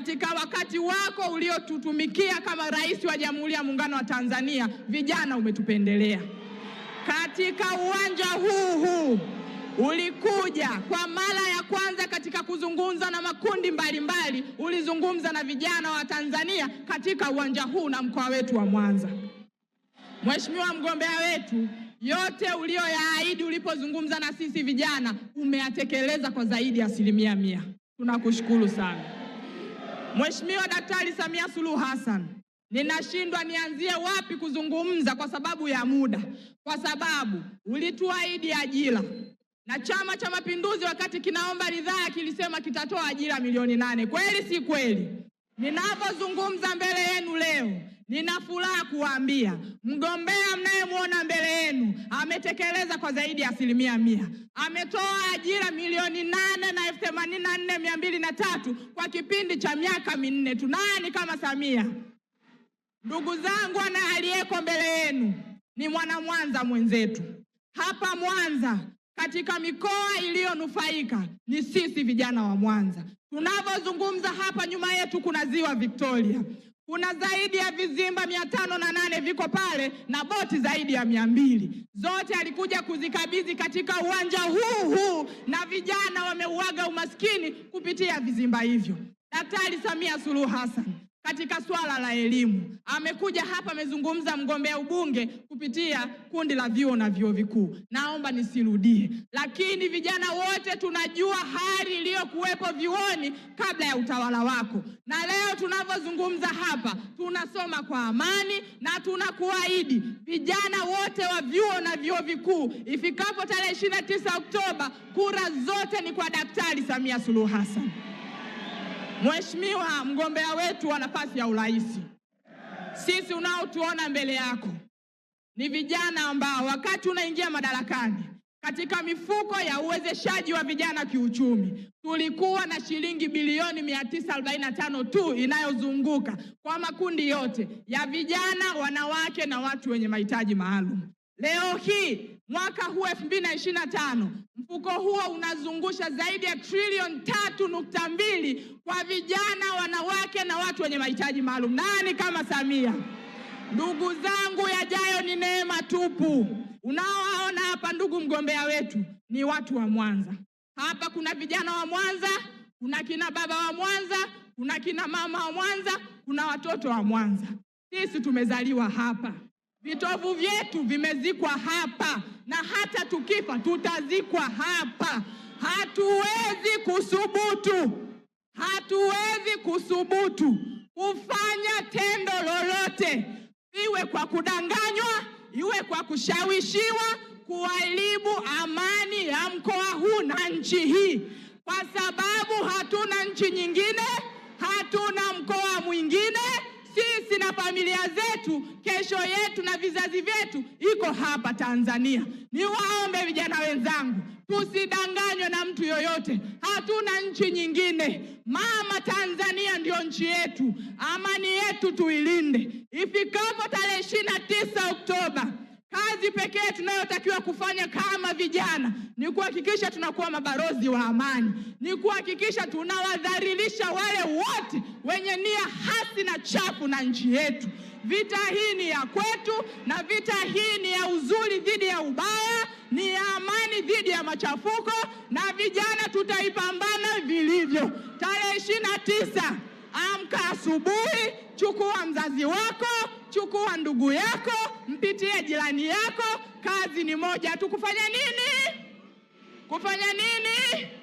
katika wakati wako uliotutumikia kama rais wa Jamhuri ya Muungano wa Tanzania, vijana umetupendelea. Katika uwanja huu huu ulikuja kwa mara ya kwanza katika kuzungumza na makundi mbalimbali mbali, ulizungumza na vijana wa Tanzania katika uwanja huu na mkoa wetu wa Mwanza. Mheshimiwa mgombea wetu, yote uliyoyaahidi ulipozungumza na sisi vijana umeyatekeleza kwa zaidi ya asilimia mia. Tunakushukuru sana. Mheshimiwa Daktari Samia Suluhu Hassan, ninashindwa nianzie wapi kuzungumza kwa sababu ya muda, kwa sababu ulituahidi ajira na Chama cha Mapinduzi wakati kinaomba ridhaa kilisema kitatoa ajira milioni nane. Kweli si kweli? Ninapozungumza mbele yenu leo, nina furaha kuwaambia mgombea mnayemwona mbele yenu ametekeleza kwa zaidi ya asilimia mia. Ametoa ajira milioni nane na elfu themanini na nne mia mbili na tatu kwa kipindi cha miaka minne tu. Nani kama Samia? Ndugu zangu, na aliyeko mbele yenu ni mwanamwanza mwenzetu hapa Mwanza. Katika mikoa iliyonufaika ni sisi vijana wa Mwanza. Tunavyozungumza hapa nyuma yetu kuna ziwa Victoria, kuna zaidi ya vizimba mia tano na nane viko pale na boti zaidi ya mia mbili zote alikuja kuzikabidhi katika uwanja huu huu, na vijana wameuaga umaskini kupitia vizimba hivyo. Daktari Samia Suluhu Hassan katika swala la elimu. Amekuja hapa amezungumza mgombea ubunge kupitia kundi la vyuo na vyuo vikuu, naomba nisirudie, lakini vijana wote tunajua hali iliyokuwepo vyuoni kabla ya utawala wako, na leo tunavyozungumza hapa tunasoma kwa amani, na tunakuahidi vijana wote wa vyuo na vyuo vikuu, ifikapo tarehe 29 Oktoba, kura zote ni kwa Daktari Samia Suluhu Hassan. Mheshimiwa mgombea wetu wa nafasi ya urais, sisi unaotuona mbele yako ni vijana ambao wakati unaingia madarakani, katika mifuko ya uwezeshaji wa vijana kiuchumi tulikuwa na shilingi bilioni 945 tu inayozunguka kwa makundi yote ya vijana, wanawake na watu wenye mahitaji maalum. Leo hii mwaka huu elfu mbili na ishirini na tano mfuko huo unazungusha zaidi ya trilioni tatu nukta mbili kwa vijana, wanawake na watu wenye mahitaji maalum. Nani kama Samia? Ndugu zangu, yajayo ni neema tupu. Unaowaona hapa, ndugu mgombea wetu, ni watu wa Mwanza. Hapa kuna vijana wa Mwanza, kuna kina baba wa Mwanza, kuna kina mama wa Mwanza, kuna watoto wa Mwanza. Sisi tumezaliwa hapa. Vitovu vyetu vimezikwa hapa na hata tukifa tutazikwa hapa. Hatuwezi kusubutu, hatuwezi kusubutu kufanya tendo lolote, iwe kwa kudanganywa, iwe kwa kushawishiwa, kuharibu amani ya mkoa huu na nchi hii, kwa sababu hatuna nchi nyingine, hatuna yetu, kesho yetu na vizazi vyetu iko hapa Tanzania. Niwaombe vijana wenzangu, tusidanganywe na mtu yoyote. Hatuna nchi nyingine, mama Tanzania ndiyo nchi yetu. Amani yetu tuilinde. Ifikapo tarehe ishirini na tisa Oktoba, kazi pekee tunayotakiwa kufanya kama vijana ni kuhakikisha tunakuwa mabalozi wa amani, ni kuhakikisha tunawadhalilisha wale wote wenye nia hasi na chafu na nchi yetu. Vita hii ni ya kwetu, na vita hii ni ya uzuri dhidi ya ubaya, ni ya amani dhidi ya machafuko, na vijana tutaipambana vilivyo. Tarehe ishirini na tisa amka asubuhi, chukua mzazi wako, chukua ndugu yako, mpitie jirani yako. Kazi ni moja tu, kufanya nini? Kufanya nini?